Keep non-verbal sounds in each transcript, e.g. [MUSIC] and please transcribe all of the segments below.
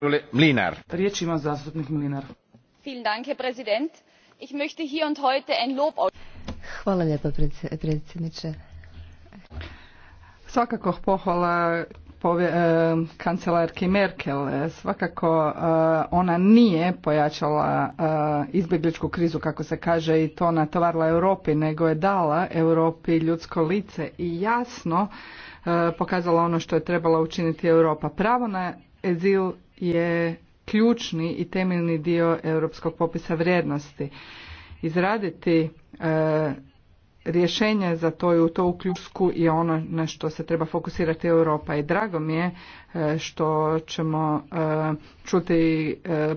Riječ ima Mlinar. Hvala predsjedniče. Svakako pohvala e, kancelarki Merkel. Svakako e, ona nije pojačala e, izbjegličku krizu, kako se kaže, i to natovarila Europi, nego je dala Europi ljudsko lice i jasno pokazala ono što je trebala učiniti Europa. Pravo na azil je ključni i temeljni dio europskog popisa vrijednosti. Izraditi e, rješenje za to i u to uključku je ono na što se treba fokusirati Europa i drago mi je e, što ćemo e, čuti e,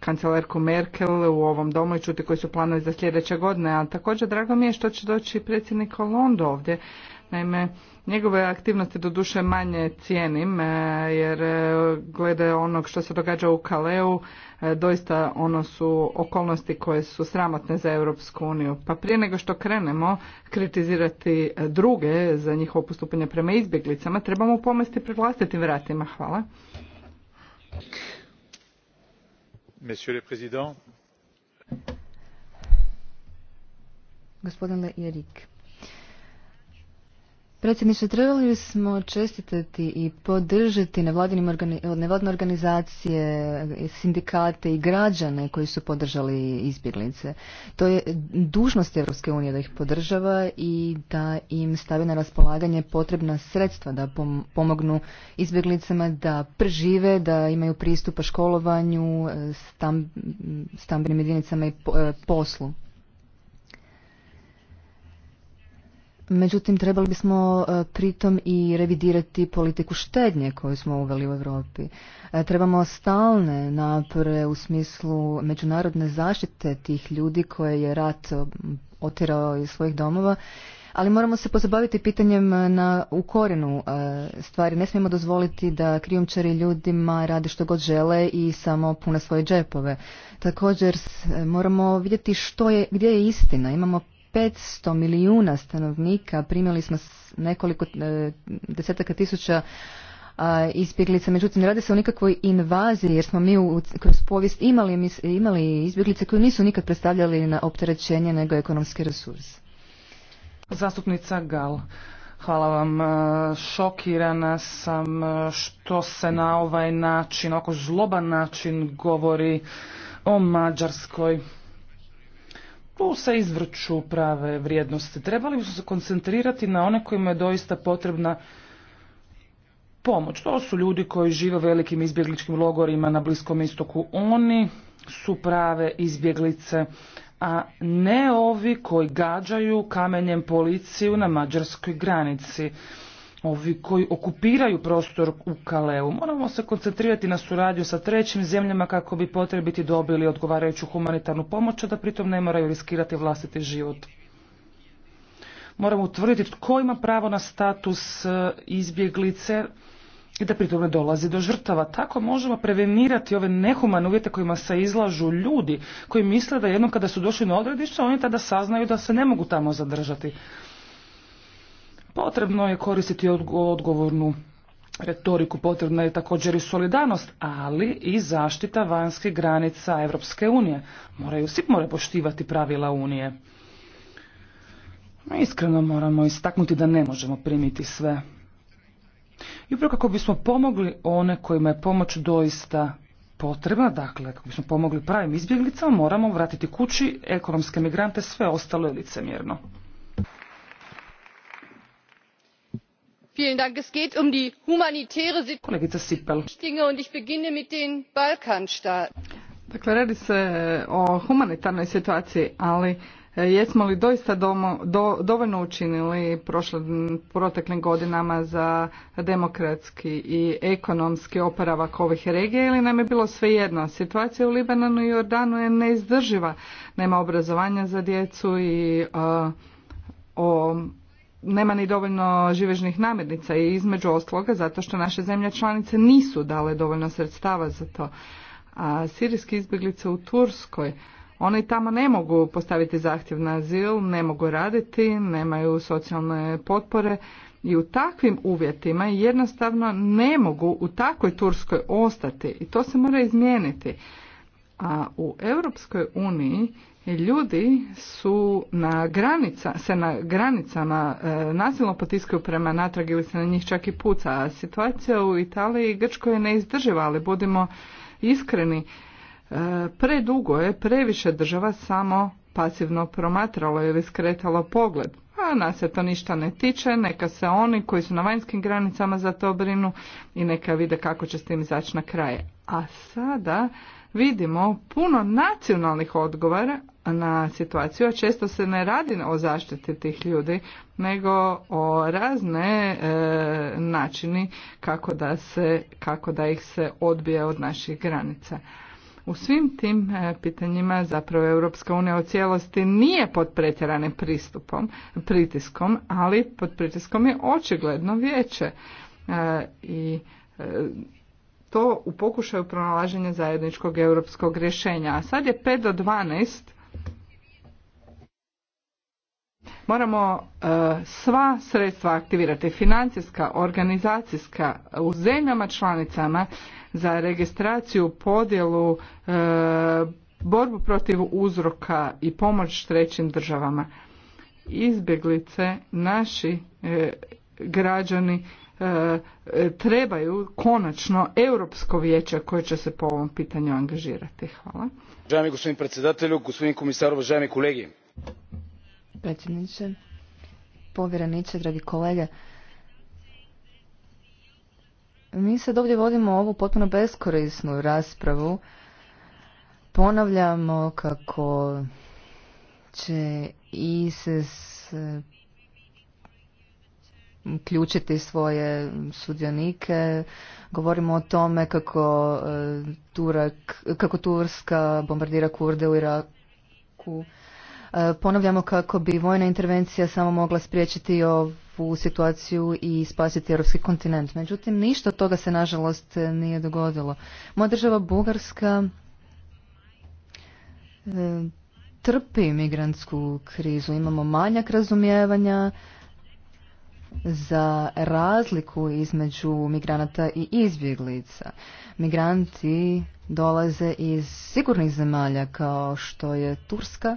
kancelarku Merkel u ovom domu i čuti koji su planovi za sljedeće godine, a također drago mi je što će doći predsjednik Londo ovdje Naime, njegove aktivnosti doduše manje cijenim, e, jer e, glede onog što se događa u Kaleu, e, doista ono su okolnosti koje su sramotne za Europsku uniju. Pa prije nego što krenemo kritizirati druge za njihovo postupanje prema izbjeglicama, trebamo pomesti pred vlastitim vratima. Hvala. Monsieur Gospodine Erik. Predsjedniče, trebali smo čestitati i podržati nevladine organizacije, sindikate i građane koji su podržali izbjeglice. To je dužnost Europske unije da ih podržava i da im stavi na raspolaganje potrebna sredstva da pomognu izbjeglicama da prežive, da imaju pristupa školovanju, stambenim jedinicama i e, poslu. Međutim, trebali bismo e, pritom i revidirati politiku štednje koju smo uveli u Europi. E, trebamo stalne napore u smislu međunarodne zaštite tih ljudi koje je rat e, otirao iz svojih domova, ali moramo se pozabaviti pitanjem na, u korijenu stvari. Ne smijemo dozvoliti da krijumčari ljudima rade što god žele i samo pune svoje džepove. Također moramo vidjeti što je, gdje je istina. Imamo 500 milijuna stanovnika, primili smo nekoliko e, desetaka tisuća izbjeglica. Međutim, ne radi se o nikakvoj invaziji jer smo mi u, kroz povijest imali, imali izbjeglice koje nisu nikad predstavljali na opterećenje nego ekonomske resurse. Zastupnica Gal. Hvala vam. E, šokirana sam e, što se na ovaj način, oko zloban način govori o Mađarskoj. Tu se izvrću prave vrijednosti. Trebali bi se koncentrirati na one kojima je doista potrebna pomoć. To su ljudi koji žive u velikim izbjegličkim logorima na Bliskom istoku. Oni su prave izbjeglice, a ne ovi koji gađaju kamenjem policiju na mađarskoj granici ovi koji okupiraju prostor u Kaleu. Moramo se koncentrirati na suradnju sa trećim zemljama kako bi potrebiti dobili odgovarajuću humanitarnu pomoć, a da pritom ne moraju riskirati vlastiti život. Moramo utvrditi tko ima pravo na status e, izbjeglice i da pritom ne dolazi do žrtava. Tako možemo prevenirati ove nehumane uvjete kojima se izlažu ljudi koji misle da jednom kada su došli na odredište oni tada saznaju da se ne mogu tamo zadržati. Potrebno je koristiti odgovornu retoriku, potrebna je također i solidarnost, ali i zaštita vanjskih granica Europske unije. Moraju svi moraju poštivati pravila unije. Iskreno moramo istaknuti da ne možemo primiti sve. I upravo kako bismo pomogli one kojima je pomoć doista potrebna, dakle kako bismo pomogli pravim izbjeglicama, moramo vratiti kući ekonomske migrante, sve ostalo je licemjerno. es geht um die humanitäre situation und ich beginne mit den balkanstaaten. dakle radi se o humanitarnoj situaciji ali e, jesmo li doista do, dovoljno učinili prošle, proteklim godinama za demokratski i ekonomski oporavak ovih regija ili nam je bilo svejedno? Situacija u Libanonu i Jordanu je neizdrživa. Nema obrazovanja za djecu i e, o nema ni dovoljno živežnih namirnica i između ostaloga zato što naše zemlje članice nisu dale dovoljno sredstava za to. A sirijski izbjeglice u Turskoj, oni tamo ne mogu postaviti zahtjev na azil, ne mogu raditi, nemaju socijalne potpore i u takvim uvjetima jednostavno ne mogu u takvoj Turskoj ostati i to se mora izmijeniti. A u Europskoj uniji ljudi su na granica, se na granicama e, nasilno potiskaju prema natrag ili se na njih čak i puca. A situacija u Italiji i Grčkoj je neizdrživa, ali budimo iskreni. E, predugo je, previše država samo pasivno promatralo ili skretalo pogled. A nas se to ništa ne tiče, neka se oni koji su na vanjskim granicama za to brinu i neka vide kako će s tim izaći na kraje. A sada vidimo puno nacionalnih odgovora, na situaciju, a često se ne radi o zaštiti tih ljudi, nego o razne e, načini kako da, se, kako da ih se odbije od naših granica. U svim tim e, pitanjima zapravo Europska unija u cijelosti nije pod pretjeranim pristupom, pritiskom, ali pod pritiskom je očigledno vijeće e, i e, to u pokušaju pronalaženja zajedničkog europskog rješenja. A sad je 5 do 12 Moramo e, sva sredstva aktivirati, financijska, organizacijska, u zemljama članicama za registraciju, podjelu, e, borbu protiv uzroka i pomoć trećim državama. Izbjeglice, naši e, građani, trebaju konačno Europsko vijeće koje će se po ovom pitanju angažirati. Hvala. gospodine gospodin predsjedatelju, gospodin uvaženi kolege. kolegi predsjedniče, povjereniče, dragi kolege. Mi sad ovdje vodimo ovu potpuno beskorisnu raspravu. Ponavljamo kako će ISIS eh, ključiti svoje sudionike. Govorimo o tome kako, eh, Turak, kako Turska bombardira kurde u Iraku. E, ponavljamo kako bi vojna intervencija samo mogla spriječiti ovu situaciju i spasiti europski kontinent. Međutim, ništa od toga se nažalost nije dogodilo. Moja država Bugarska e, trpi migrantsku krizu. Imamo manjak razumijevanja za razliku između migranata i izbjeglica. Migranti dolaze iz sigurnih zemalja kao što je Turska,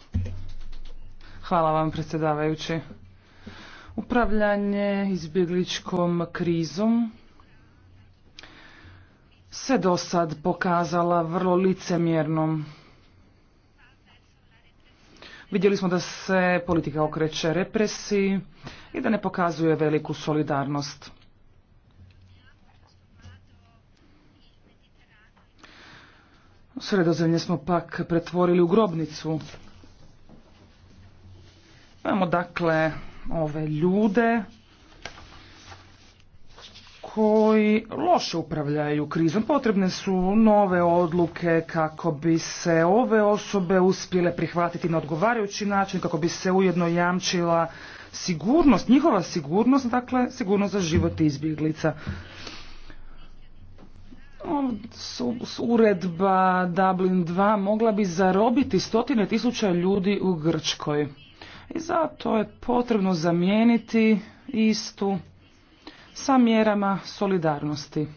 Hvala vam predsjedavajući. Upravljanje izbjegličkom krizom se do sad pokazala vrlo licemjernom. Vidjeli smo da se politika okreće represiji i da ne pokazuje veliku solidarnost. Sredozemlje smo pak pretvorili u grobnicu Imamo dakle ove ljude koji loše upravljaju krizom. Potrebne su nove odluke kako bi se ove osobe uspjele prihvatiti na odgovarajući način, kako bi se ujedno jamčila sigurnost, njihova sigurnost, dakle sigurnost za život izbjeglica. Uredba Dublin 2 mogla bi zarobiti stotine tisuća ljudi u Grčkoj. I zato je potrebno zamijeniti istu sa mjerama solidarnosti.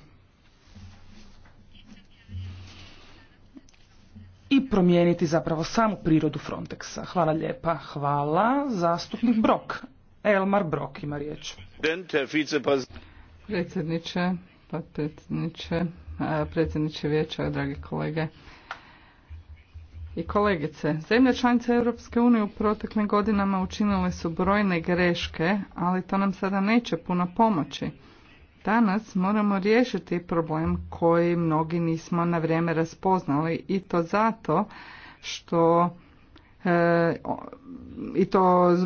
I promijeniti zapravo samu prirodu Frontexa. Hvala lijepa. Hvala. Zastupnik Brok. Elmar Brok ima riječ. Predsjedniče, potpredsjedniče, predsjedniče vijeća, dragi kolege i kolegice, zemlje članice Europske unije u proteklim godinama učinile su brojne greške, ali to nam sada neće puno pomoći. Danas moramo riješiti problem koji mnogi nismo na vrijeme raspoznali i to zato što e, i to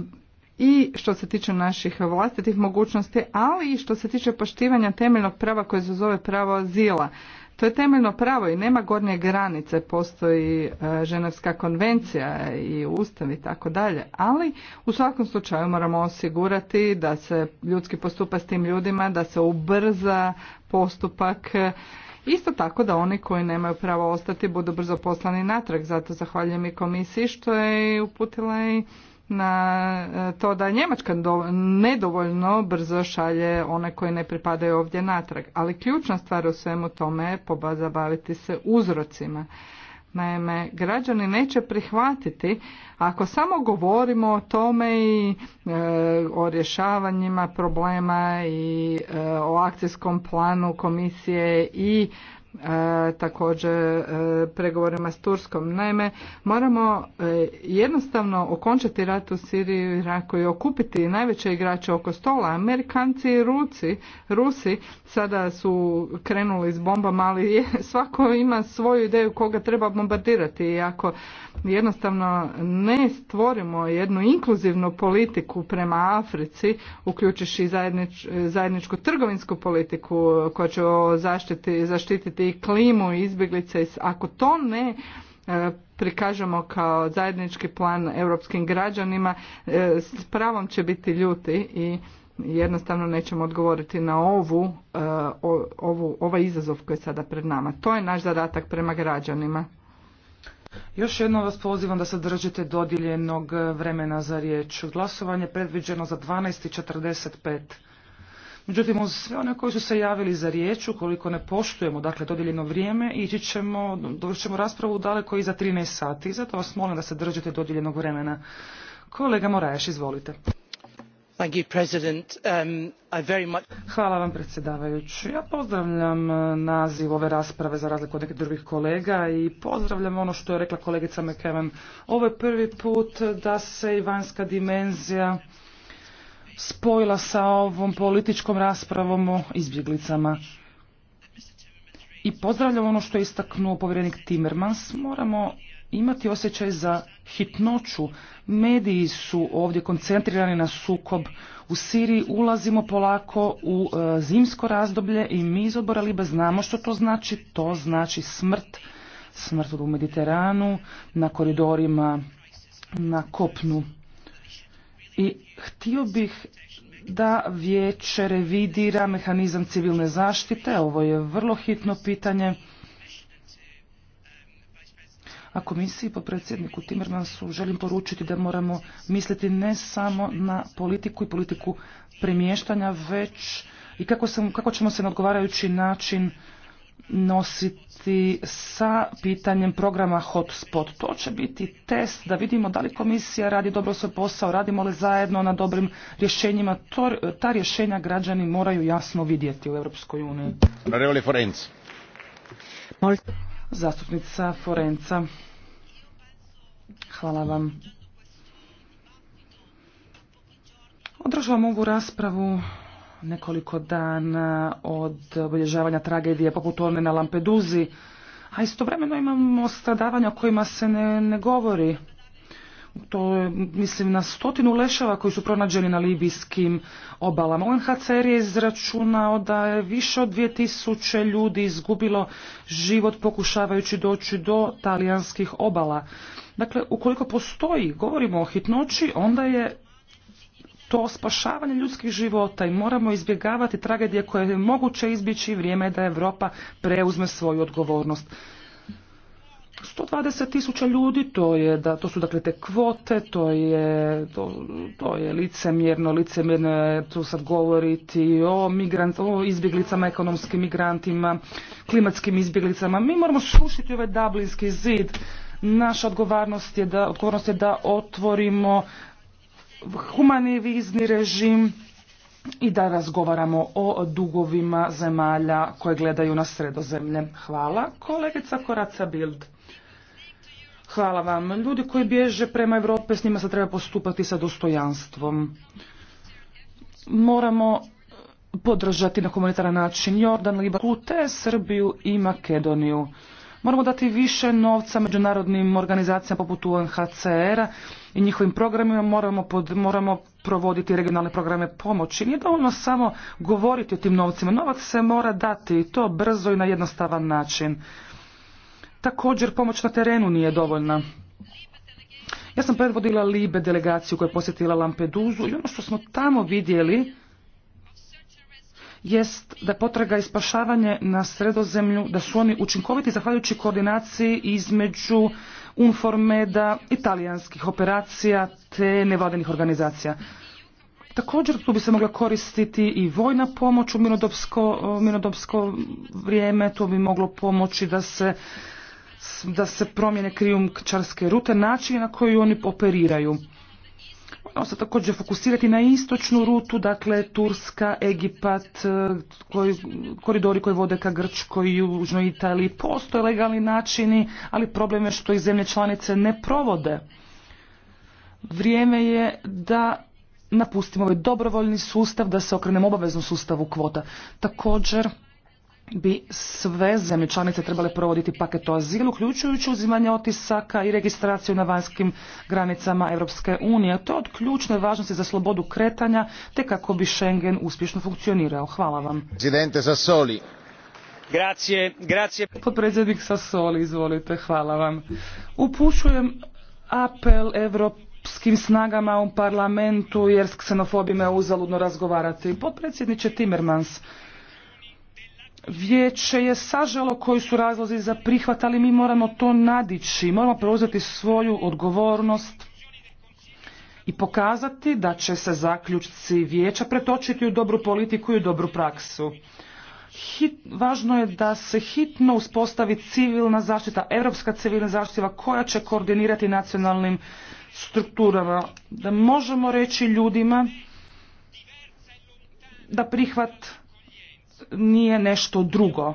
i što se tiče naših vlastitih mogućnosti, ali i što se tiče poštivanja temeljnog prava koje se zove pravo azila. To je temeljno pravo i nema gornje granice, postoji e, ženevska konvencija i ustav i tako dalje, ali u svakom slučaju moramo osigurati da se ljudski postupa s tim ljudima, da se ubrza postupak Isto tako da oni koji nemaju pravo ostati budu brzo poslani natrag, zato zahvaljujem i komisiji što je uputila i na e, to da Njemačka nedovoljno brzo šalje one koji ne pripadaju ovdje natrag. Ali ključna stvar u svemu tome je baviti se uzrocima. Naime, građani neće prihvatiti ako samo govorimo o tome i e, o rješavanjima problema i e, o akcijskom planu komisije i također e, pregovorima s Turskom. Naime, moramo e, jednostavno okončati rat u Siriji i Iraku i okupiti najveće igrače oko stola. Amerikanci i Ruci, Rusi sada su krenuli s bombama, ali [LAUGHS] svako ima svoju ideju koga treba bombardirati i ako jednostavno ne stvorimo jednu inkluzivnu politiku prema Africi, uključiš i zajedničku trgovinsku politiku koja će zaštiti, zaštititi i klimu i izbjeglice. Ako to ne e, prikažemo kao zajednički plan europskim građanima, e, s pravom će biti ljuti i jednostavno nećemo odgovoriti na ovu, e, ovu, ovaj izazov koji je sada pred nama. To je naš zadatak prema građanima. Još jednom vas pozivam da se držite dodijeljenog vremena za riječ. Glasovanje predviđeno za 12.45. Međutim, uz sve one koji su se javili za riječ, ukoliko ne poštujemo dakle dodijeljeno vrijeme, ići ćemo, dovršit ćemo raspravu daleko za 13 sati. Zato vas molim da se držite dodijeljenog vremena. Kolega Moraješ, izvolite. Thank you, President. Um, I very much... Hvala vam predsjedavajući. Ja pozdravljam naziv ove rasprave za razliku od nekih drugih kolega i pozdravljam ono što je rekla kolegica McKeven. Ovo je prvi put da se i vanjska dimenzija spojila sa ovom političkom raspravom o izbjeglicama. I pozdravljam ono što je istaknuo povjerenik Timmermans. Moramo imati osjećaj za hitnoću. Mediji su ovdje koncentrirani na sukob. U Siriji ulazimo polako u e, zimsko razdoblje i mi iz odbora Libe znamo što to znači. To znači smrt. Smrt u Mediteranu, na koridorima, na kopnu. I htio bih da vijeće revidira mehanizam civilne zaštite. Ovo je vrlo hitno pitanje. A komisiji po predsjedniku Timmermansu želim poručiti da moramo misliti ne samo na politiku i politiku premještanja, već i kako, kako ćemo se na odgovarajući način nositi sa pitanjem programa hotspot. To će biti test da vidimo da li komisija radi dobro svoj posao, radimo li zajedno na dobrim rješenjima. To, ta rješenja građani moraju jasno vidjeti u Europskoj uniji. Zastupnica Forenca. Hvala vam. Održavam ovu raspravu nekoliko dana od obilježavanja tragedije poput one na Lampeduzi, a istovremeno imamo stradavanja o kojima se ne, ne govori. To je, mislim, na stotinu leševa koji su pronađeni na libijskim obalama. UNHCR je izračunao da je više od 2000 ljudi izgubilo život pokušavajući doći do talijanskih obala. Dakle, ukoliko postoji, govorimo o hitnoći, onda je to spašavanje ljudskih života i moramo izbjegavati tragedije koje je moguće izbjeći i vrijeme da Europa preuzme svoju odgovornost. 120 tisuća ljudi, to, je, da, to su dakle te kvote, to je, to, je licemjerno, licemjerno je tu sad govoriti o, migrant, o izbjeglicama, ekonomskim migrantima, klimatskim izbjeglicama. Mi moramo slušiti ovaj dublinski zid. Naša odgovornost je da, odgovornost je da otvorimo humani vizni režim i da razgovaramo o dugovima zemalja koje gledaju na sredozemlje. Hvala. Kolegica Koraca Bild. Hvala vam. Ljudi koji bježe prema Evrope, s njima se treba postupati sa dostojanstvom. Moramo podržati na humanitaran način Jordan, Liban, Kute, Srbiju i Makedoniju. Moramo dati više novca međunarodnim organizacijama poput UNHCR-a i njihovim programima moramo, pod, moramo provoditi regionalne programe pomoći. Nije dovoljno samo govoriti o tim novcima. Novac se mora dati i to brzo i na jednostavan način. Također pomoć na terenu nije dovoljna. Ja sam predvodila Libe delegaciju koja je posjetila Lampeduzu i ono što smo tamo vidjeli jest da potraga i spašavanje na sredozemlju, da su oni učinkoviti zahvaljujući koordinaciji između Unformeda, italijanskih operacija te nevladinih organizacija. Također tu bi se mogla koristiti i vojna pomoć u minodopsko, vrijeme, to bi moglo pomoći da se da se promjene krijumčarske rute, način na koji oni operiraju. Moramo se također fokusirati na istočnu rutu, dakle Turska, Egipat, e, koji, koridori koji vode ka Grčkoj, Južnoj Italiji. Postoje legalni načini, ali problem je što ih zemlje članice ne provode. Vrijeme je da napustimo ovaj dobrovoljni sustav, da se okrenemo obaveznom sustavu kvota. Također, bi sve zemlje članice trebale provoditi paket o azilu, uključujući uzimanje otisaka i registraciju na vanjskim granicama Europske unije. To je od ključne važnosti za slobodu kretanja, te kako bi Schengen uspješno funkcionirao. Hvala vam. Presidente Sassoli. Grazie, grazie. Podpredsjednik Sassoli, izvolite, hvala vam. Upušujem apel europskim snagama u parlamentu jer s ksenofobima je uzaludno razgovarati. Potpredsjedniče Timmermans, Vijeće je saželo koji su razlozi za prihvat, ali mi moramo to nadići. Moramo preuzeti svoju odgovornost i pokazati da će se zaključci vijeća pretočiti u dobru politiku i u dobru praksu. važno je da se hitno uspostavi civilna zaštita, europska civilna zaštita koja će koordinirati nacionalnim strukturama. Da možemo reći ljudima da prihvat nije nešto drugo.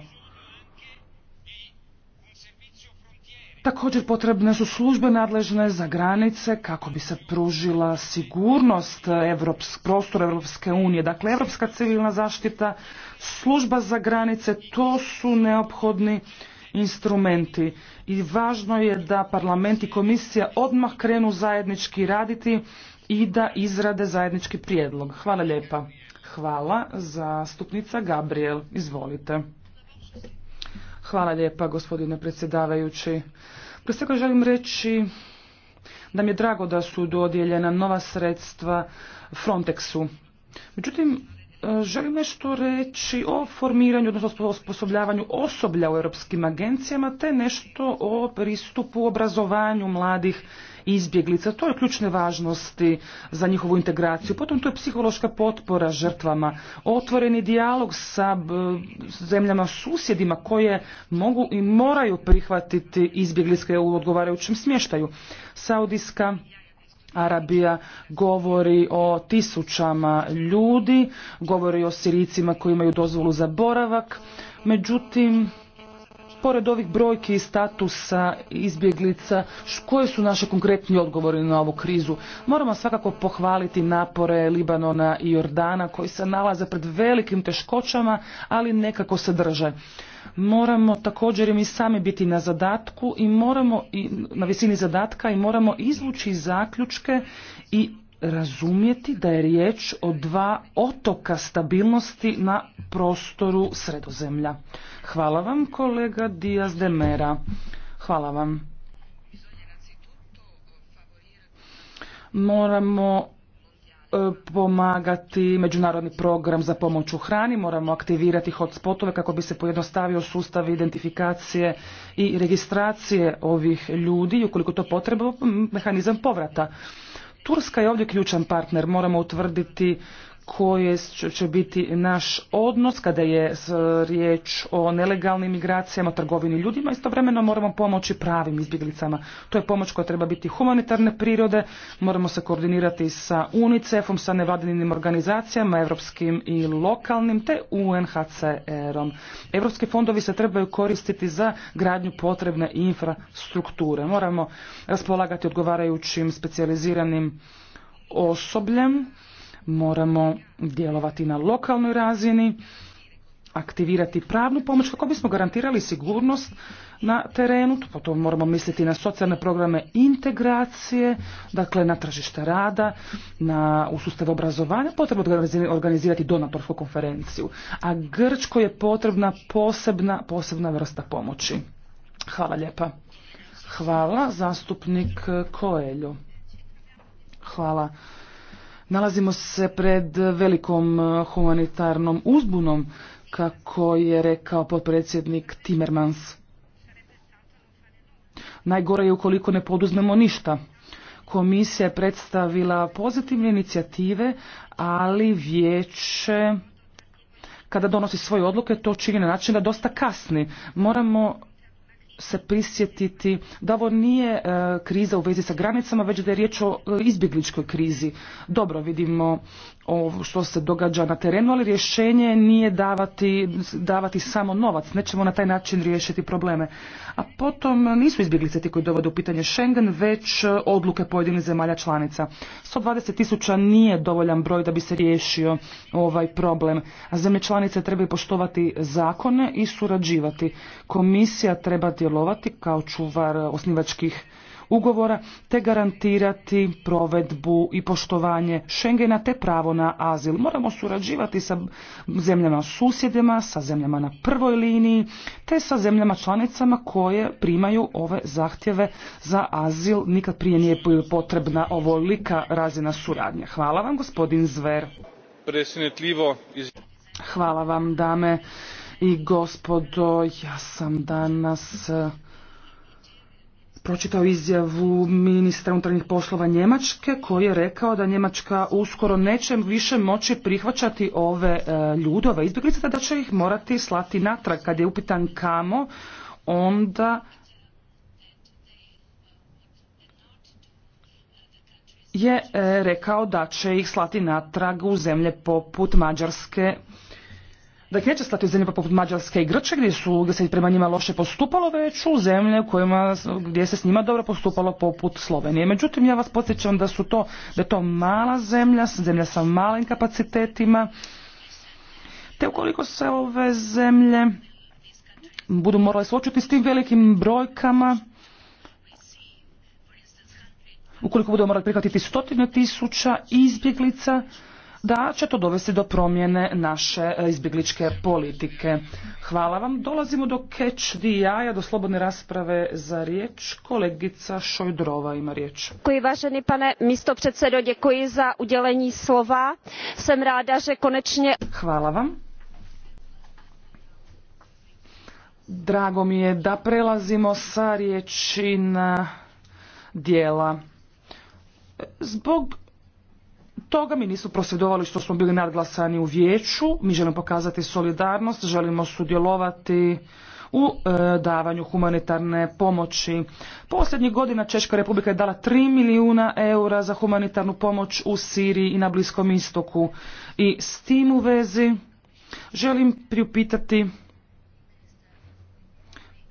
Također potrebne su službe nadležne za granice kako bi se pružila sigurnost prostora Evropske unije. Dakle, Evropska civilna zaštita, služba za granice, to su neophodni instrumenti. I važno je da parlament i komisija odmah krenu zajednički raditi i da izrade zajednički prijedlog. Hvala lijepa. Hvala. Zastupnica Gabriel, izvolite. Hvala lijepa, gospodine predsjedavajući. Prije svega želim reći da mi je drago da su dodijeljena nova sredstva Frontexu. Međutim, e, želim nešto reći o formiranju, odnosno osposobljavanju osoblja u europskim agencijama, te nešto o pristupu obrazovanju mladih izbjeglica. To je ključne važnosti za njihovu integraciju. Potom to je psihološka potpora žrtvama, otvoreni dijalog sa zemljama susjedima koje mogu i moraju prihvatiti izbjeglice u odgovarajućem smještaju. Saudijska Arabija govori o tisućama ljudi, govori o siricima koji imaju dozvolu za boravak, međutim pored ovih brojki i statusa izbjeglica, koje su naši konkretni odgovori na ovu krizu? Moramo svakako pohvaliti napore Libanona i Jordana koji se nalaze pred velikim teškoćama, ali nekako se drže. Moramo također i mi sami biti na zadatku i moramo i na visini zadatka i moramo izvući zaključke i razumjeti da je riječ o dva otoka stabilnosti na prostoru sredozemlja. Hvala vam kolega Diaz de Mera. Hvala vam. Moramo e, pomagati međunarodni program za pomoć u hrani, moramo aktivirati hotspotove kako bi se pojednostavio sustav identifikacije i registracije ovih ljudi i ukoliko to potrebno mehanizam povrata. Turska je ovdje ključan partner. Moramo utvrditi koje će biti naš odnos kada je riječ o nelegalnim migracijama, trgovini ljudima. Istovremeno moramo pomoći pravim izbjeglicama. To je pomoć koja treba biti humanitarne prirode. Moramo se koordinirati sa UNICEF-om, sa nevladinim organizacijama, evropskim i lokalnim, te UNHCR-om. Evropski fondovi se trebaju koristiti za gradnju potrebne infrastrukture. Moramo raspolagati odgovarajućim specijaliziranim osobljem Moramo djelovati na lokalnoj razini, aktivirati pravnu pomoć kako bismo garantirali sigurnost na terenu, potom moramo misliti na socijalne programe integracije, dakle na tržište rada, na u obrazovanja, potrebno je organizirati donatorsku konferenciju, a Grčko je potrebna posebna, posebna vrsta pomoći. Hvala lijepa. Hvala, zastupnik Koeljo. Hvala. Nalazimo se pred velikom e, humanitarnom uzbunom, kako je rekao potpredsjednik Timmermans. Najgore je ukoliko ne poduzmemo ništa. Komisija je predstavila pozitivne inicijative, ali vijeće kada donosi svoje odluke to čini na način da dosta kasni. Moramo se prisjetiti da ovo nije e, kriza u vezi sa granicama, već da je riječ o e, izbjegličkoj krizi. Dobro vidimo ovo što se događa na terenu, ali rješenje nije davati, davati samo novac. Nećemo na taj način riješiti probleme. A potom nisu izbjeglice ti koji dovode u pitanje Schengen, već odluke pojedinih zemalja članica. 120 tisuća nije dovoljan broj da bi se riješio ovaj problem. A zemlje članice trebaju poštovati zakone i surađivati. Komisija treba djelovati kao čuvar osnivačkih ugovora te garantirati provedbu i poštovanje Schengena te pravo na azil. Moramo surađivati sa zemljama susjedima, sa zemljama na prvoj liniji te sa zemljama članicama koje primaju ove zahtjeve za azil. Nikad prije nije potrebna ovolika razina suradnje. Hvala vam gospodin Zver. Hvala vam dame i gospodo, ja sam danas pročitao izjavu ministra unutarnjih poslova Njemačke koji je rekao da Njemačka uskoro neće više moći prihvaćati ove e, ljude, ove izbjeglice, da će ih morati slati natrag. Kad je upitan kamo, onda je e, rekao da će ih slati natrag u zemlje poput Mađarske da ih neće slati u zemlje poput Mađarske i Grče gdje, se prema njima loše postupalo, već u zemlje kojima, gdje se s njima dobro postupalo poput Slovenije. Međutim, ja vas podsjećam da su to, da je to mala zemlja, zemlja sa malim kapacitetima, te ukoliko se ove zemlje budu morale suočiti s tim velikim brojkama, ukoliko budu morali prihvatiti stotine tisuća izbjeglica, da će to dovesti do promjene naše e, izbjegličke politike. Hvala vam. Dolazimo do catch the Eye, do slobodne rasprave za riječ. Kolegica Šojdrova ima riječ. Děkuji, vážený pane misto předsedo, děkuji za udělení slova. Jsem ráda, že konečně... Hvala vam. Drago mi je da prelazimo sa riječi na dijela. Zbog toga. Mi nisu prosvjedovali što smo bili nadglasani u vijeću. Mi želimo pokazati solidarnost, želimo sudjelovati u e, davanju humanitarne pomoći. Posljednjih godina Češka republika je dala 3 milijuna eura za humanitarnu pomoć u Siriji i na Bliskom istoku. I s tim u vezi želim priupitati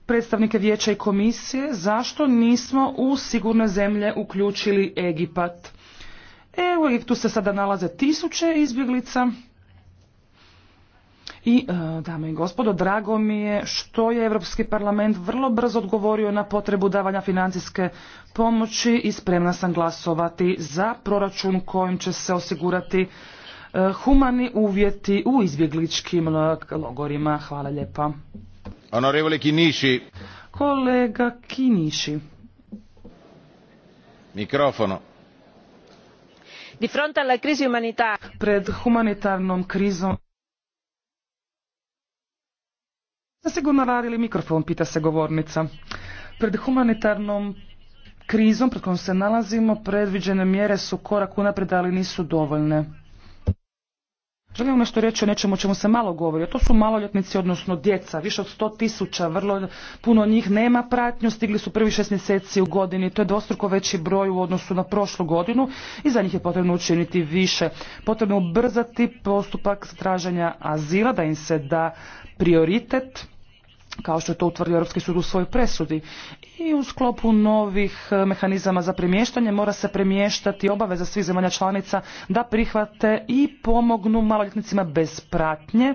predstavnike vijeća i komisije zašto nismo u sigurne zemlje uključili Egipat evo i tu se sada nalaze tisuće izbjeglica. I, e, dame i gospodo, drago mi je što je Europski parlament vrlo brzo odgovorio na potrebu davanja financijske pomoći i spremna sam glasovati za proračun kojim će se osigurati e, humani uvjeti u izbjegličkim e, logorima. Hvala lijepa. Honorevole Kiniši. Kolega Kiniši. Mikrofono di fronte alla crisi pred humanitarnom krizom radili mikrofon pita se govornica pred humanitarnom krizom pred kojom se nalazimo predviđene mjere su korak unaprijed ali nisu dovoljne Želim nešto reći o nečemu o čemu se malo govori, to su maloljetnici, odnosno djeca, više od sto tisuća, vrlo puno njih nema pratnju, stigli su prvi šest mjeseci u godini, to je dvostruko veći broj u odnosu na prošlu godinu i za njih je potrebno učiniti više. Potrebno je ubrzati postupak traženja azila, da im se da prioritet, kao što je to utvrdio Europski sud u svojoj presudi i u sklopu novih e, mehanizama za premještanje mora se premještati obaveza svih zemalja članica da prihvate i pomognu maloljetnicima bez pratnje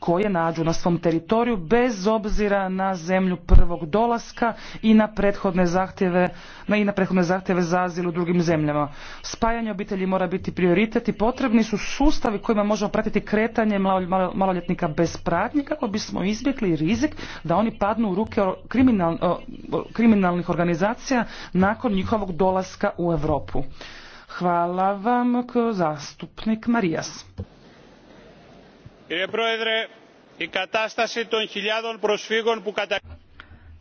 koje nađu na svom teritoriju bez obzira na zemlju prvog dolaska i na prethodne zahtjeve, na, i na prethodne zahtjeve za azil u drugim zemljama. Spajanje obitelji mora biti prioritet i potrebni su sustavi kojima možemo pratiti kretanje maloljetnika bez pratnje kako bismo izbjegli rizik da oni padnu u ruke kriminal, kriminalnih organizacija nakon njihovog dolaska u Europu. Hvala vam, zastupnik Marijas.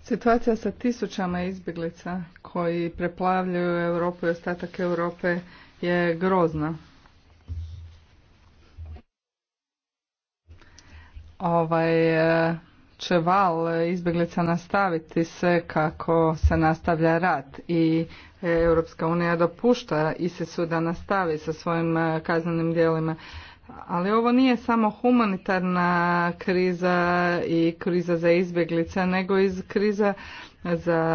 Situacija sa tisućama izbjeglica koji preplavljuju Europu i ostatak Europe je grozna. Ovaj e, će val izbjeglica nastaviti se kako se nastavlja rat i e, Europska unija dopušta ISIS-u da nastavi sa svojim e, kaznenim djelima. Ali ovo nije samo humanitarna kriza i kriza za izbjeglice, nego i kriza za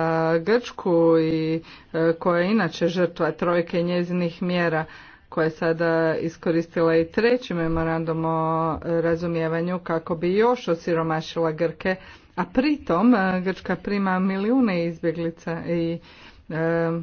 Grčku i e, koja je inače žrtva trojke njezinih mjera koja je sada iskoristila i treći memorandum o razumijevanju kako bi još osiromašila Grke, a pritom e, Grčka prima milijune izbjeglica i e,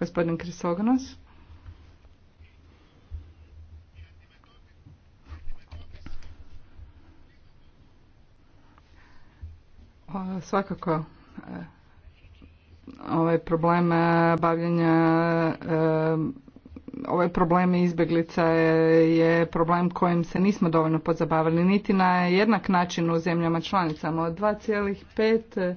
Gospodin Krisogonos. Svakako e, ovaj problem e, bavljenja e, ovaj problem izbjeglica je problem kojim se nismo dovoljno pozabavili niti na jednak način u zemljama članicama od 2,5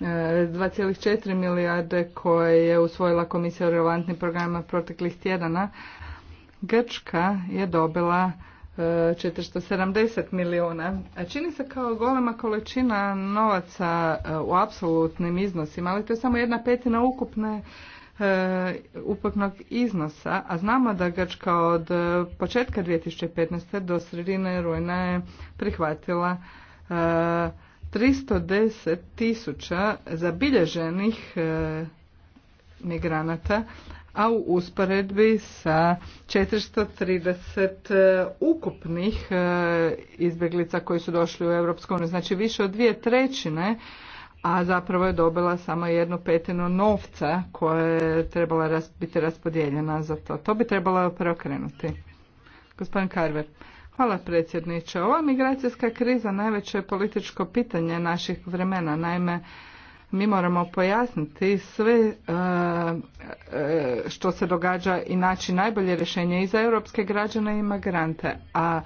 2,4 milijarde koje je usvojila komisija u relevantnim programima proteklih tjedana, Grčka je dobila 470 e, milijuna. Čini se kao golema količina novaca e, u apsolutnim iznosima, ali to je samo jedna petina ukupne e, ukupnog iznosa, a znamo da Grčka od početka 2015. do sredine rujna je prihvatila 310 tisuća zabilježenih e, migranata, a u usporedbi sa 430 e, ukupnih e, izbjeglica koji su došli u Europsku Znači više od dvije trećine, a zapravo je dobila samo jednu petinu novca koja je trebala biti raspodijeljena za to. To bi trebalo preokrenuti. Gospodin Karver. Hvala predsjedniče. Ova migracijska kriza najveće je političko pitanje naših vremena. Naime, mi moramo pojasniti sve e, e, što se događa i naći najbolje rješenje i za europske građane i migrante. A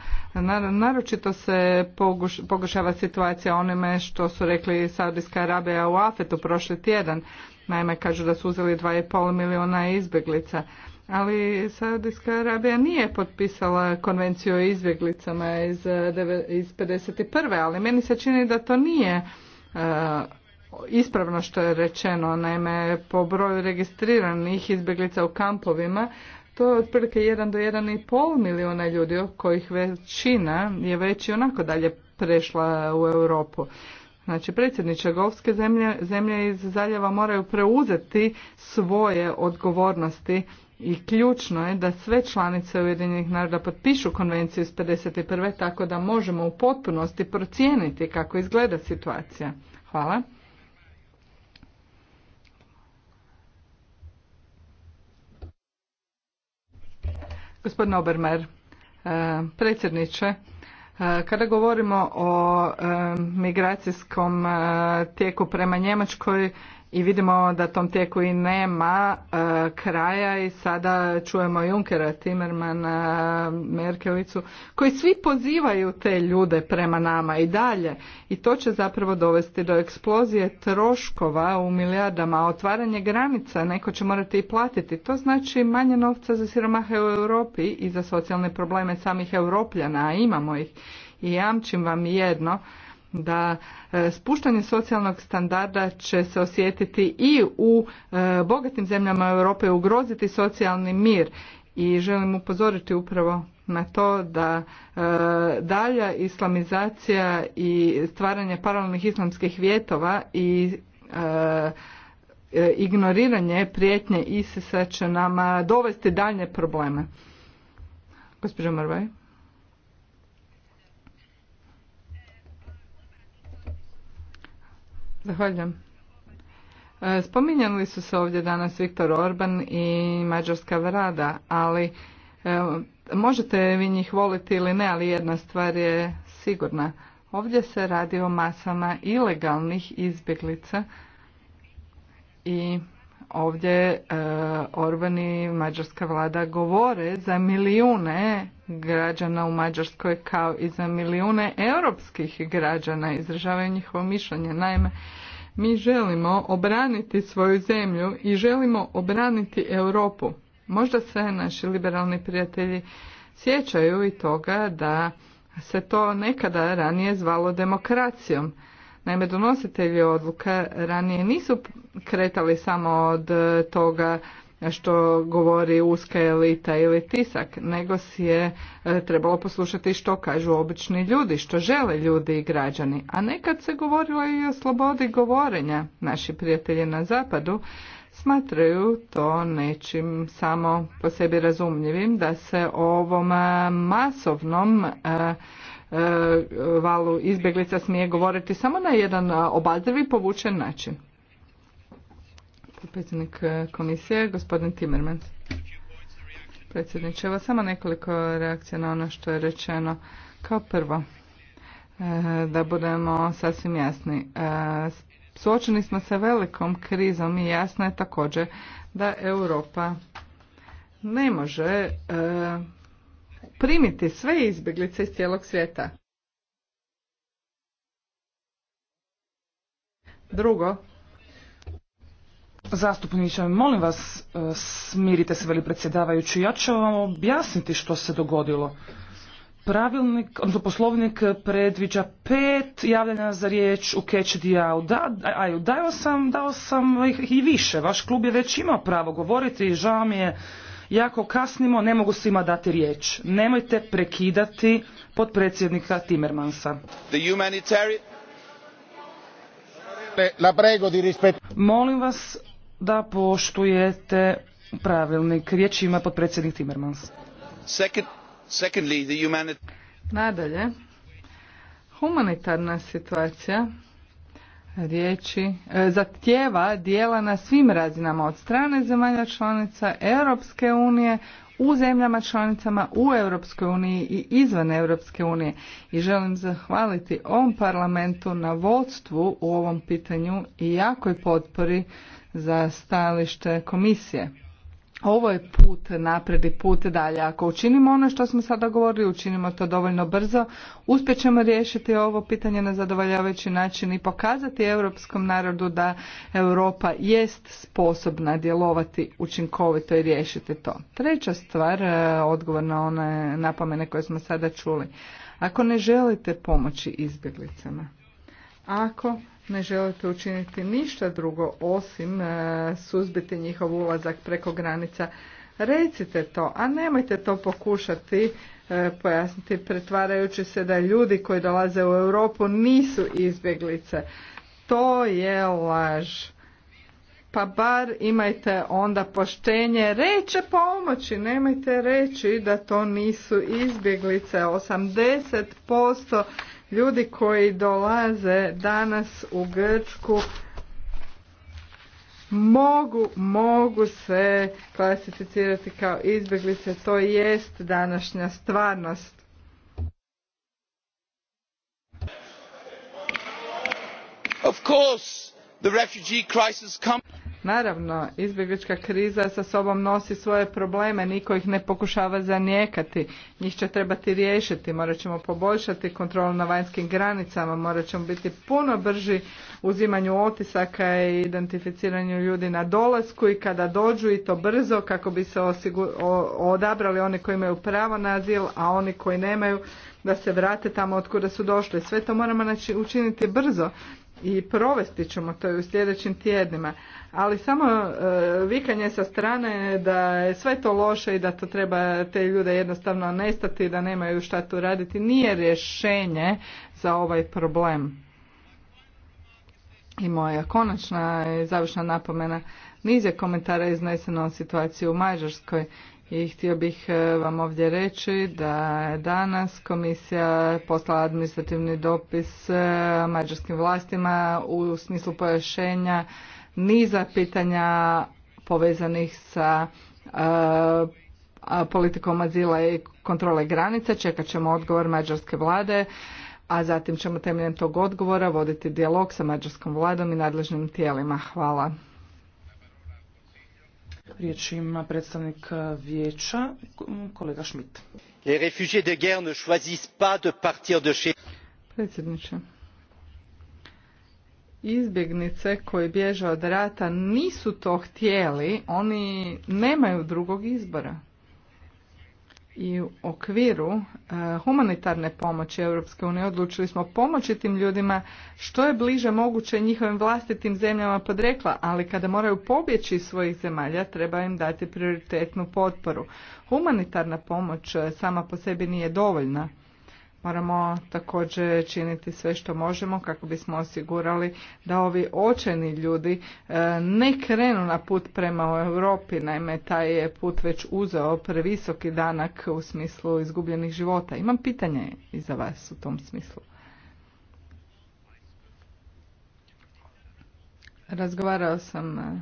naročito se pogušava situacija onime što su rekli Saudijska Arabija u Afetu prošli tjedan. Naime, kažu da su uzeli 2,5 milijuna izbjeglica ali Saudijska Arabija nije potpisala konvenciju o izbjeglicama iz, eh, iz 51. ali meni se čini da to nije eh, ispravno što je rečeno. Naime, po broju registriranih izbjeglica u kampovima to je otprilike 1 do 1,5 milijuna ljudi od kojih većina je već i onako dalje prešla u Europu. Znači, predsjedniče, golfske zemlje, zemlje iz zaljeva moraju preuzeti svoje odgovornosti i ključno je da sve članice Ujedinjenih naroda potpišu konvenciju iz 51. tako da možemo u potpunosti procijeniti kako izgleda situacija. Hvala. Gospodin Obermer, e, predsjedniče, e, kada govorimo o e, migracijskom tijeku prema Njemačkoj, i vidimo da tom tijeku i nema e, kraja i sada čujemo Junkera, Timmermana, e, Merkelicu, koji svi pozivaju te ljude prema nama i dalje. I to će zapravo dovesti do eksplozije troškova u milijardama, otvaranje granica, neko će morati i platiti. To znači manje novca za siromahe u Europi i za socijalne probleme samih europljana, a imamo ih. I jamčim vam jedno, da e, spuštanje socijalnog standarda će se osjetiti i u e, bogatim zemljama Europe ugroziti socijalni mir i želim upozoriti upravo na to da e, dalja islamizacija i stvaranje paralelnih islamskih vjetova i ignoriranje prijetnje ISIS-a će nama dovesti dalje probleme. Gospođo Marvaj. Zahvaljujem. E, spominjali su se ovdje danas Viktor Orban i Mađarska Vrada, ali e, možete vi njih voliti ili ne, ali jedna stvar je sigurna. Ovdje se radi o masama ilegalnih izbjeglica i ovdje e, Orbani mađarska vlada govore za milijune građana u Mađarskoj kao i za milijune europskih građana izražavaju njihovo mišljenje. Naime, mi želimo obraniti svoju zemlju i želimo obraniti Europu. Možda se naši liberalni prijatelji sjećaju i toga da se to nekada ranije zvalo demokracijom. Naime, donositelji odluka ranije nisu kretali samo od e, toga što govori uska elita ili tisak, nego si je e, trebalo poslušati što kažu obični ljudi, što žele ljudi i građani. A nekad se govorilo i o slobodi govorenja. Naši prijatelji na zapadu smatraju to nečim samo po sebi razumljivim da se ovom e, masovnom E, valu izbjeglica smije govoriti samo na jedan obazrivi povučen način. Predsjednik e, komisije, gospodin Timmermans. Predsjedniče, evo samo nekoliko reakcija na ono što je rečeno. Kao prvo, e, da budemo sasvim jasni, suočeni smo sa velikom krizom i jasno je također da Europa ne može primiti sve izbjeglice iz cijelog svijeta. Drugo, Zastupniče, molim vas, e, smirite se, veli predsjedavajući. Ja ću vam objasniti što se dogodilo. Pravilnik, odnosno poslovnik predviđa pet javljanja za riječ u catch the da Dao sam, dao sam i više. Vaš klub je već imao pravo govoriti i žao mi je jako kasnimo, ne mogu svima dati riječ. Nemojte prekidati potpredsjednika Timmermansa. Molim vas da poštujete pravilnik. Riječ ima potpredsjednik Timmermans. Nadalje, humanitarna situacija riječi e, zahtjeva dijela na svim razinama od strane zemalja članica Europske unije u zemljama članicama u Europskoj uniji i izvan Europske unije i želim zahvaliti ovom parlamentu na vodstvu u ovom pitanju i jakoj potpori za stajalište komisije. Ovo je put napred i put dalje. Ako učinimo ono što smo sada govorili, učinimo to dovoljno brzo, uspjećemo riješiti ovo pitanje na zadovoljavajući način i pokazati europskom narodu da Europa jest sposobna djelovati učinkovito i riješiti to. Treća stvar, e, odgovor na one napomene koje smo sada čuli. Ako ne želite pomoći izbjeglicama, ako ne želite učiniti ništa drugo osim e, suzbiti njihov ulazak preko granica recite to a nemojte to pokušati e, pojasniti pretvarajući se da ljudi koji dolaze u Europu nisu izbjeglice to je laž pa bar imajte onda poštenje reće pomoći nemojte reći da to nisu izbjeglice 80% Ljudi koji dolaze danas u Grčku mogu, mogu se klasificirati kao izbjeglice, to jest današnja stvarnost. Of course, the refugee crisis comes Naravno, izbjeglička kriza sa sobom nosi svoje probleme, niko ih ne pokušava zanijekati. Njih će trebati riješiti, morat ćemo poboljšati kontrolu na vanjskim granicama, morat ćemo biti puno brži uzimanju otisaka i identificiranju ljudi na dolasku i kada dođu i to brzo kako bi se odabrali oni koji imaju pravo na azil, a oni koji nemaju da se vrate tamo od kuda su došli. Sve to moramo učiniti brzo i provesti ćemo to u sljedećim tjednima. Ali samo e, vikanje sa strane da je sve to loše i da to treba te ljude jednostavno nestati, da nemaju šta tu raditi, nije rješenje za ovaj problem. I moja konačna i završna napomena, niz je komentara iznesena o situaciji u Mađarskoj i htio bih e, vam ovdje reći da je danas komisija poslala administrativni dopis e, mađarskim vlastima u smislu pojašenja niza pitanja povezanih sa e, politikom azila i kontrole granica. Čekat ćemo odgovor mađarske vlade, a zatim ćemo temeljem tog odgovora voditi dijalog sa mađarskom vladom i nadležnim tijelima. Hvala. Riječ ima predstavnik e, vijeća, kolega Schmidt. Les réfugiés de guerre ne choisissent pas de partir de chez... Predsjedniče, izbjegnice koje bježe od rata nisu to htjeli, oni nemaju drugog izbora i u okviru e, humanitarne pomoći Europske unije odlučili smo pomoći tim ljudima što je bliže moguće njihovim vlastitim zemljama podrekla, ali kada moraju pobjeći iz svojih zemalja treba im dati prioritetnu potporu. Humanitarna pomoć e, sama po sebi nije dovoljna. Moramo također činiti sve što možemo kako bismo osigurali da ovi očeni ljudi e, ne krenu na put prema Europi. Naime, taj je put već uzeo previsoki danak u smislu izgubljenih života. Imam pitanje i za vas u tom smislu. Razgovarao sam e,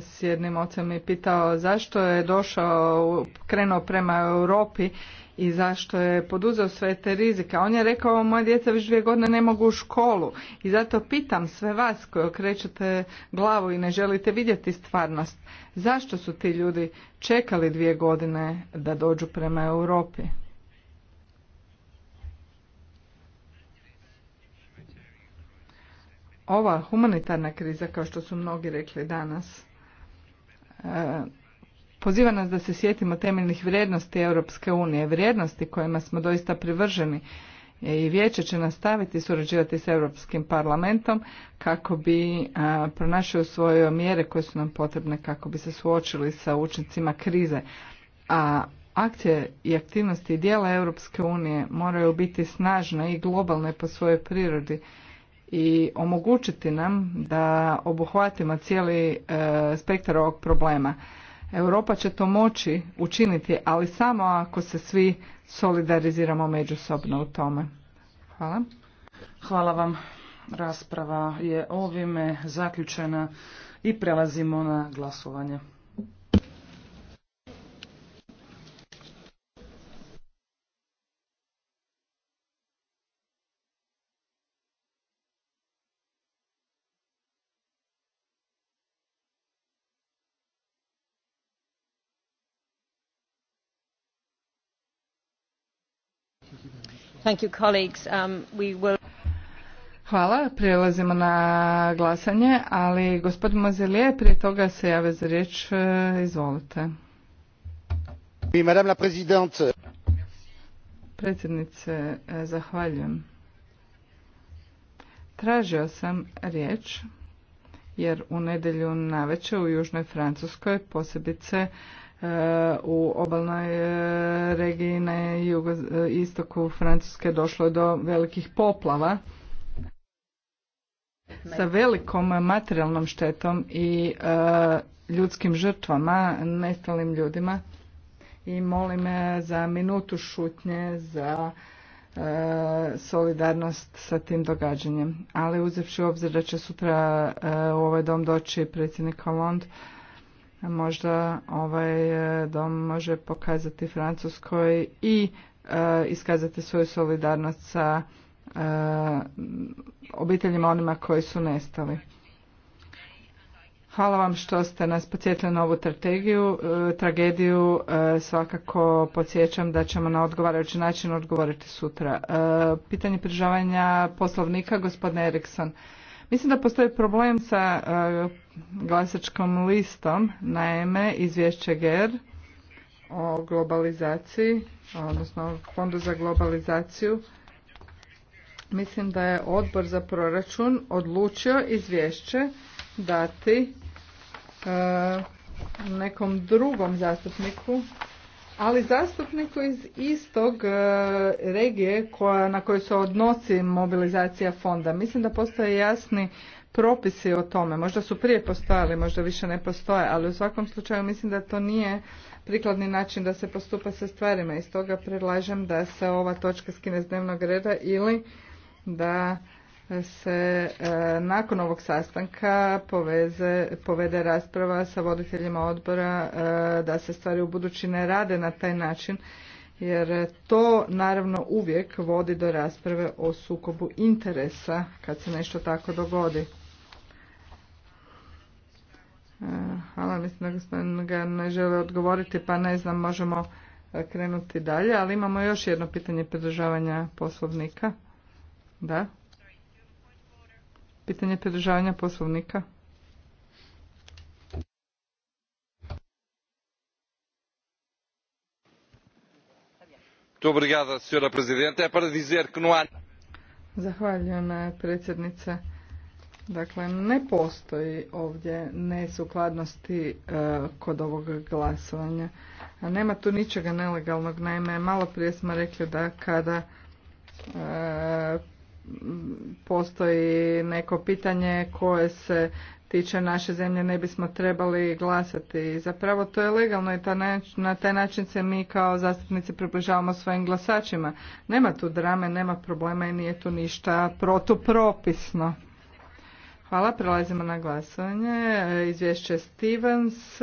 s jednim ocem i pitao zašto je došao, krenuo prema Europi i zašto je poduzeo sve te rizike. On je rekao, moje djeca već dvije godine ne mogu u školu i zato pitam sve vas koji okrećete glavu i ne želite vidjeti stvarnost, zašto su ti ljudi čekali dvije godine da dođu prema Europi? Ova humanitarna kriza, kao što su mnogi rekli danas, e, poziva nas da se sjetimo temeljnih vrijednosti Europske unije, vrijednosti kojima smo doista privrženi e, i vijeće će nastaviti surađivati s Europskim parlamentom kako bi pronašao svoje mjere koje su nam potrebne kako bi se suočili sa učincima krize. A akcije i aktivnosti i dijela Europske unije moraju biti snažne i globalne po svojoj prirodi i omogućiti nam da obuhvatimo cijeli e, spektar ovog problema. Europa će to moći učiniti, ali samo ako se svi solidariziramo međusobno u tome. Hvala. Hvala vam. Rasprava je ovime zaključena i prelazimo na glasovanje. Um, Hvala, prelazimo na glasanje, ali gospodin Mozelije prije toga se jave za riječ, e, izvolite. Predsjednice, e, zahvaljujem. Tražio sam riječ jer u nedjelju navečer u južnoj Francuskoj posebice u obalnoj e, regiji na e, istoku Francuske došlo je do velikih poplava sa velikom materijalnom štetom i e, ljudskim žrtvama, nestalim ljudima. I molim za minutu šutnje za solidarnost sa tim događanjem. Ali uzevši obzir da će sutra u ovaj dom doći predsjednik Hollande, Možda ovaj e, dom može pokazati Francuskoj i e, iskazati svoju solidarnost sa e, obiteljima onima koji su nestali. Hvala vam što ste nas podsjetili na ovu strategiju, tragediju. Svakako podsjećam da ćemo na odgovarajući način odgovoriti sutra. Pitanje prižavanja poslovnika, gospodine Eriksson. Mislim da postoji problem sa eh, glasačkom listom, naime izvješće GER o globalizaciji, odnosno fondu za globalizaciju. Mislim da je odbor za proračun odlučio izvješće dati eh, nekom drugom zastupniku ali zastupniku iz istog e, regije koja, na kojoj se odnosi mobilizacija fonda. Mislim da postoje jasni propisi o tome. Možda su prije postojali, možda više ne postoje, ali u svakom slučaju mislim da to nije prikladni način da se postupa sa stvarima i stoga predlažem da se ova točka skine s dnevnog reda ili da se e, nakon ovog sastanka poveze, povede rasprava sa voditeljima odbora e, da se stvari u budući ne rade na taj način jer to naravno uvijek vodi do rasprave o sukobu interesa kad se nešto tako dogodi. E, hvala, mislim da ga ne žele odgovoriti, pa ne znam, možemo krenuti dalje, ali imamo još jedno pitanje pridržavanja poslovnika. Da. Pitanje pridržavanja poslovnika. Zahvaljujem predsjednice. Dakle, ne postoji ovdje nesukladnosti e, kod ovog glasovanja. A nema tu ničega nelegalnog. Naime, malo prije smo rekli da kada e, postoji neko pitanje koje se tiče naše zemlje ne bismo trebali glasati. Zapravo to je legalno i na taj način se mi kao zastupnici približavamo svojim glasačima. Nema tu drame, nema problema i nije tu ništa protupropisno. Hvala, prelazimo na glasovanje. Izvješće Stevens.